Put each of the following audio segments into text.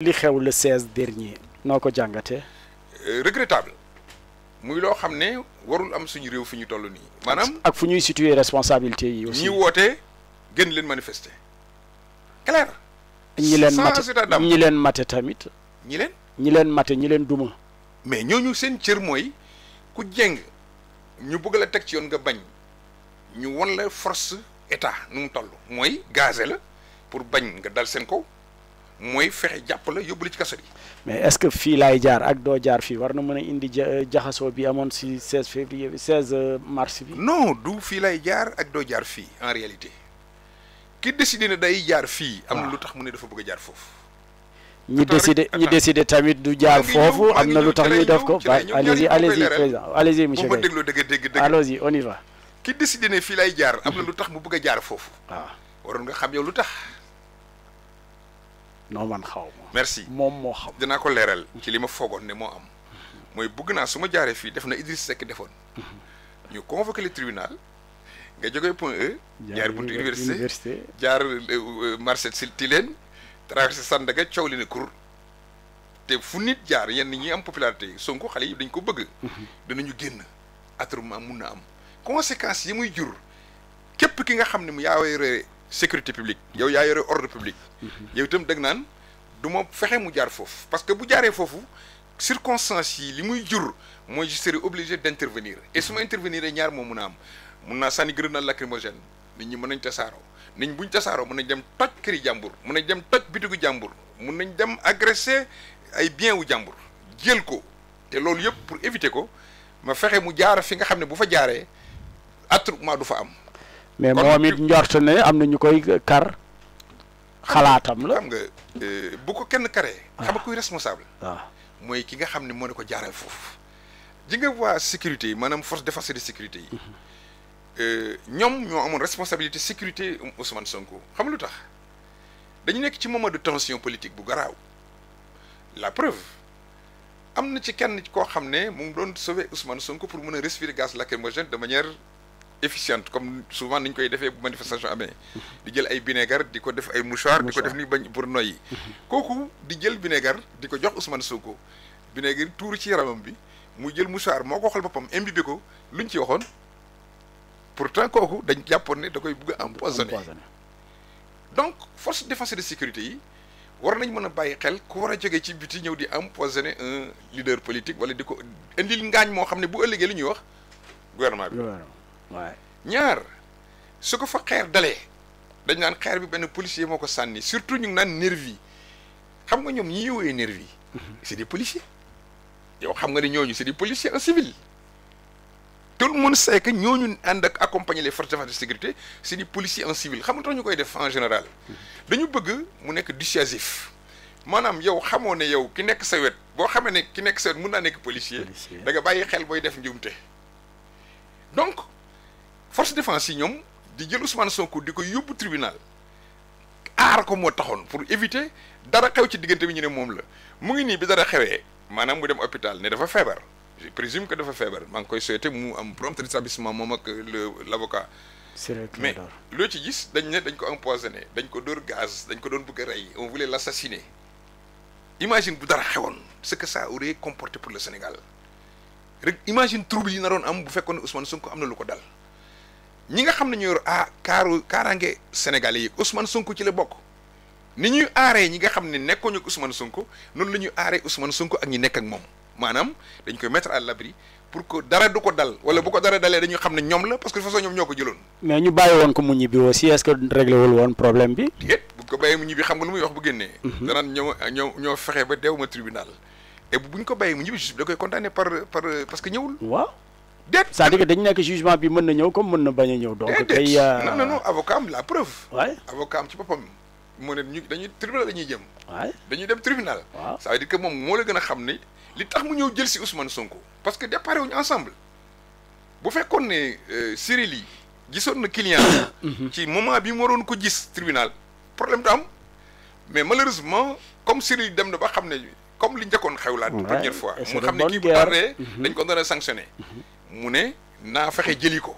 le 16 dernier noko jangate euh, regrettable muy lo xamné warul am suñu responsabilité yi. aussi ñi woté gën leen manifester. clair. ñi leen ñi leen mais ñoñu seen cër moy ku jeng ñu la tek ci yoon nga ñu la force état nu mu tollu moy la pour bañ nga mooy fexe jàpp la yóbbu la ci kaso bi. mais est-ce que fii laay jaar ak doo jaar fii war na mën a indi euh, jaxasoo bi amoon si 16 février bi 16 euh, mars bi. non du fii lay jaar ak doo jaar fii en réalité ki décidé ne day jaar fii. am na lu tax mu ne dafa bëgg jaar foofu. ñi décidé ñi décidé tamit du jaar foofu am na lu tax ñuy def ko. ci allez-y allez-y président allez-y monsieur Guèye boo ma dégloo on y va. ki décidé ne fii lay jaar am na lu tax mu bëgg a jaar foofu. waaw ah. waroon nga xam yow lu tax. non man xaw merci moom moo xam. dinaa ko leeral ci li ma foogoon ne moo am. mooy bugg naa su ma jaaree fii def na Idriss Seck defoon. Mhm. ñu convoqué le tribunal. nga jógee point E. jaar buntu université jaar leen euh, euh, si Tilène. traversé Sandaga coow li ne kur. te fu nit jaar yenn ñi am popularité Sonko xale yi dañ ko bëgg. Mhm. danañu génn attroupement mun na am. conséquences yi muy jur képp ki nga xam ne mu yaa way sécurité publique yow yaa yore ordre public. Mhm. yow itam dëgg naan du ma fexe mu jaar foofu parce que bu jaaree foofu circonstances yi li muy jur mooy je serai obligé d' intervenir et su ma intervenir ñaar moo mun a am mun naa sànni grenade lacrymogène nit ñi mën nañ tasaaroo nit ñi buñ tasaaroo mën nañ dem toj këri jàmbur mën nañ dem toj bitigu jàmbur mun nañ dem agressé ay bien wu jàmbur jël ko te loolu yëpp pour éviter ko ma fexe mu jaar fi nga xam ne bu fa jaaree attroupement du fa am mais Mohamed njort ne am na ñu la xam nga eh, bu ko kenn karee ah. xam responsable ah. mooy ki nga ne moo ko sécurité yi force défense de sécurité yi mhm. eh, ñoom ñoo responsabilité sécurité Ousmane Sonko xam lu tax de tension politique bu la preuve am ci kenn koo sauver Ousmane Sonko pour mën respirer gaz lacrymogène de manière efficiente comme souvent ni koy defee bu manifestation Amé, di jël ay vinaigre diko def ay mouchoir diko def ni bañ pour noyyi koku di jël vinaigre diko jox Ousmane Sonko vinaigre tour ci ramam bi mu jël mouchoir moko xol bopam boppam imbibé ko lu ci waxone pourtant koku dañ jàppoon ne da koy bugg donc force de défense et de sécurité yi war nañ mëna a xel ku wara a ci biti ñëw di empoisonné un leader politique wala diko ko indil ngaañ moo xam ne bu ëllëgee li ñuy wax gouvernement bi ñaar su ko fa xeer dalee dañ naan xeer bi benn policier moo ko sànni surtout ñu ngi naan nervi xam nga ñoom ñi yowee nervi mhm. c'est des policiers yow xam nga ne ñooñu c'est des policiers en civil tout le monde sait que ñooñu ànd ak accompagner les forces de défense de sécurité c'est des policiers en civil xam nga tax ñu koy def en général mhm. dañu bëgg mu nekk dissuasif maanaam yow xamoo ne yow ki nekk sa wet boo xamee ne ki nekk sa wet mun naa nekk policier da nga bàyyi xel booy def njuumte donc force défense yi ñoom di jël Ousmane Sonko di ko yóbbu tribunal aar ko moo taxoon pour éviter dara xew ci diggante bi ñu ne moom la mu ngi nii bi dara xewee maanaam mu dem hôpital ne dafa feebar je présume ko dafa feebar maa ngi koy souhaiter mu am prompt rétablissement moom ak le l'avocat mais loo ci dañ ne dañ ko empoisonné dañ ko dóor gaz dañ ko doon bëgg a rey on voulait l'assassiner imagine bu dara xewoon ce que ça aurait comporté pour le Sénégal rek imagine trouble yi naroon am bu fekkoon ne Ousmane Sonko am na lu ko dal ñi nga xam ne ñoo yor ah kaaru kaaraange sénégalais yi Ousmane Sonko ci la bokk ni ñuy aaree ñi nga xam ne nekkuñu ak Ousmane Sonko noonu la ñuy aaree Ousmane Sonko ak ñu nekk ak moom maanaam dañ koy mettre à l'abri pour que dara du ko dal wala bu ko dara dalee dañuy xam ne ñoom la parce que de façon ñoom ñoo ko jëloon. mais ñu bàyyi woon ko mu ñibbi aussi est-ce que réglé woon problème bi. déet bu ko bàyyee mu ñibbi xam nga lu muy wax bu génnee. Mhm. danaan ñoo ñoo ñoo fexe ko bàyyee mu ñibbi justice bi da koy condamné déet c'est-à-dire que dañu nekk jugement bi mën na ñëw comme mën na bañ ñëw. donc tey euh, non non non avocat am la preuve. avocat am ci boppam. moo ne ñu dañuy tribunal la ñuy jëm. waay dañuy dem tribunal. ça veut dire que moom moo la gën a xam ni li tax mu ñëw jël si Ousmane Sonko. parce que déparé wuñu ensemble bu fekkoon ne euh, Cyril yi gisoon na client ci moment bi mu waroon ko gis tribunal problème du am mais malheureusement comme Cyril dem na ba xam ne comme li njëkkoon xewlaat. première fois mu xam ne kii bu tardee dañ ko doon sanctionné. Mm-hmm. mu ne naa fexe jëli ko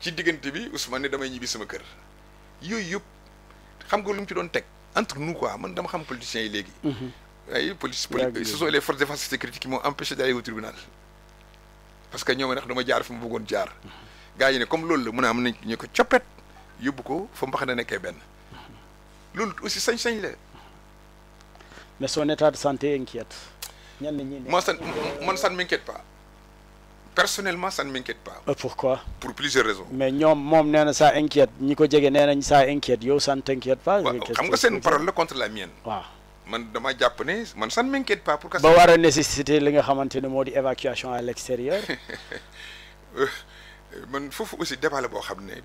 ci diggante bi Ousmane ne damay ñibbi sama kër yooyu yëpp xam nga lu mu ci doon teg entre nous quoi man dama xam politiciens yi léegi. Mhm. ay police ce sont les forces de défense et de sécurité qui m'ont empêché d'aller au tribunal parce que ñoom ndax dama jaar fu ma buggoon jaar. Mhm. gars yi ne comme loolu la mun a am nañ ñu ko coppet yóbbu ko fa mbax na nekkee benn mhm. loolu aussi sañ-sañ la. mais son état de santé inquiète. ñenn ñi man san man san m'inquiète pas. personnellement ça ne m'inquiète pas. Euh, pourquoi Pour plusieurs raisons. mais ñom mom nee ça inquiète ñiko ko jege ça inquiète yow ça ne t'inquiète pas. xam nga seen parole contre la mienne. wa man dama japp né man ça ne m'inquiète pas. pour que ba wara a nécessité li nga xamante modi évacuation à l'extérieur. Euh, man fofu aussi débat la xamné xam ne.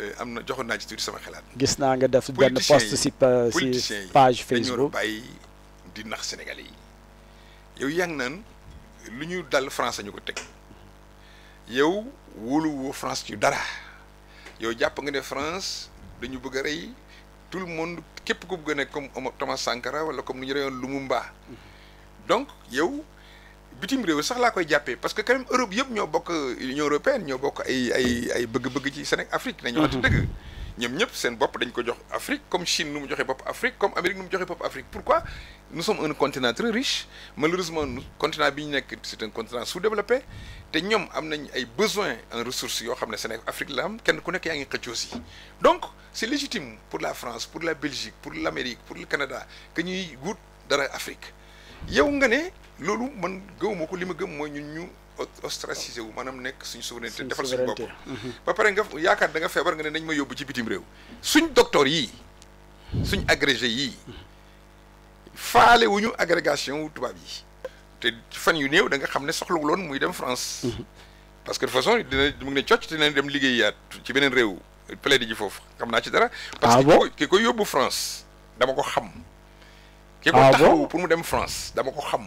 Euh, am na ci tout sama xalaat. gis na nga def ben post ci si page Facebook bay di nax Sénégalais yow yaa nan lu ñu dal français ñuko ko yow wóoluwoo France ci dara yow japp nga ne France dañu bëgg a tout le monde képp ko bëgg a comme Thomas Sankara wala comme ñu reyoon Lumumba donc yow bitim réew sax la koy jappé parce que quand même Europe yëpp ñoo bokk Union européenne ñoo bokk ay ay ay bëgg-bëgg ci Sénégal Afrique nañu wax mhm. dëgg ñom ñep seen bop dañ ko jox Afrique comme Chine nous joxe bop Afrique comme Amérique nous joxe bop Afrique pourquoi nous sommes un continent très riche malheureusement continent bi nek c'est un continent sous-développé té ñom amnañ ay besoins en ressources yo xamné ne Sénégal Afrique la am kenn ku nek yaa ngi donc c'est légitime pour la France pour la Belgique pour l'Amérique pour le Canada que ñuy wut dara Afrique yow nga né lolu man gëwuma ko ma gëm moy ñun ñu ostracisé wu maanaam nek suñu souveraineté defal suñu bopp mhm. ba paré nga yaakaar da nga fébar nga ne nañ ma yóbbu ci bitim rew suñ docteur yi suñ agrégé yi faale wuñu agrégation wu tubaab yi te fan yu néw da nga xamné ne won muy dem France mhm. parce que de façon dina mu ngi ne cocc dina dem liggéeyaat ci benen rew plaide ji fofu xam naa ci dara ah parce que ki ko yóbbu France dama ko xam ki ko ah taxawu pour mu dem France dama ko xam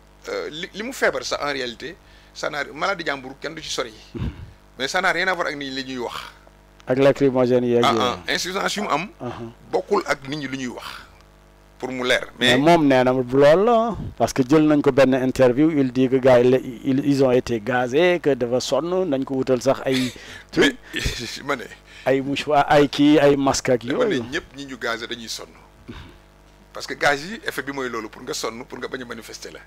Euh, li li mu feebar sax en réalité ça n'a maladie jambour kenn du ci sori. mais ça n'a rien à voir avec ni ñi li ñuy wax. ak lacrymogène ah, ah insuffisance yu mu am. Ah, ah. bokul ak nit ñi lu ñuy wax pour mu leer. mais mom nee lool parce que jël nañ ko ben interview il dit que gars ils ont été gazés que dafa sonn nañ ko wutal sax ay. mais ma ay mouchoir ay ki ay masque ak yooyu. ñepp ñi ñu gazé dañuy sonn parce que gaz yi effet bi moy loolu pour nga sonn pour nga bañ manifester la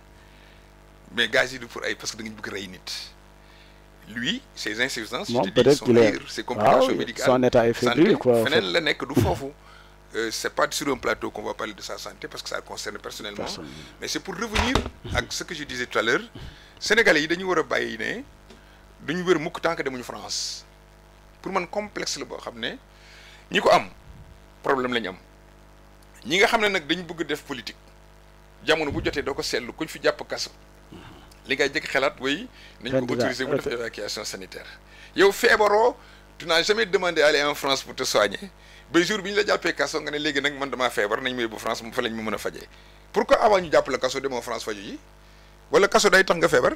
mais gaz yi du pour ay parce que da ngeen bëgg rey nit. lui ses insuffisances. moom peut être qu'il est ses complications ah médicales son état est fébrile quoi feneen la nekk du foofu. c' euh, c'est pas sur un plateau qu'on va parler de sa santé parce que ça concerne personnellement. mais c'est pour revenir à ce que je disais tout à l'heure sénégalais yi dañu wara a né duñu wër mukk tant que demuñu France pour man complexe le bo xamné ne am problème la am ñi nga xamné nak dañu bëgg def politique jamono bu joté doo ko kuñ fi japp kaso li ngay jëkk xalaat oui nañ ko autoriser mu def évacuation sanitaire yow feebaroo tu n'as jamais demandé aller en France pour te soigner ba jour bi ñu la jàppee kaso nga ne léegi nag man dama feebar nañ may bu France mu fa lañ ma mën a fajee pourquoi avant ñu jàpp la kaso demoo France faju yi wala kaso day tax nga feebar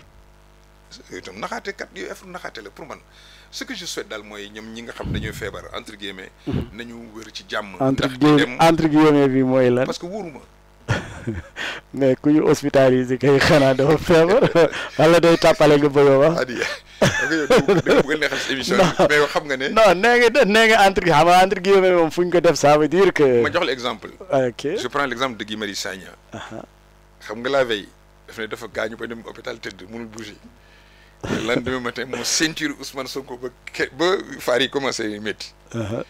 yooyu itam naxaate kat yu affaire naxaate la pour man ce que je souhaite daal mooy ñoom ñi nga xam dañuy feebar entre guillemets mhm. nañu wër ci jàmm. ndax entre guillemets bi mooy lan parce que wóoruma mais ku ñu hospitalisé kay xanaa dafa feebar wala day tàppale nga bëgg a wax. mais xam nga ne. non nee nga nee nga entre xam nga entre guillemets moom fu ñu ko def ça veut dire que. ma jox la exemple. ok je prends l'exemple de Guy Marius Sagna. Uh-huh. xam nga la veille daf ne dafa gaañu ba dem hôpital tëdd mënul bouger. le lendemain matin mu ceinture Ousmane Sonko ba ke ba faar yi commencé métti. Uh-huh.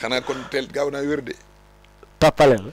xanaa kon tel gaaw naa wér de. tàppale la.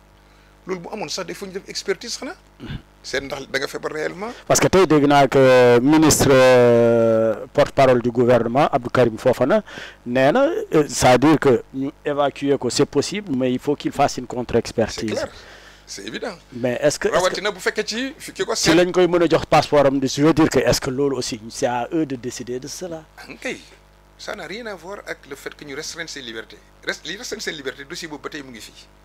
loolu bu amoon sax dafa ñu def expertise xanaa. seen ndax da nga réellement. parce que tey dégg naa que euh, ministre euh, porte parole du gouvernement Abdou Karim Fofana nee na euh, c'est-à-dire que nous évacuer que c'est possible mais il faut qu'il fasse une contre-expertise. c'est clair c'est évident. mais est-ce que rawatina bu fekkee ci fi ki si lañ koy a jox passeport je veux dire que est-ce que loolu aussi c'est à eux de décider de cela. Ah, ok ça n'a rien à voir avec le fait que nous restreignons ses libertés rest li restreindre ses libertés dossier boobu ba tey mu ngi fii.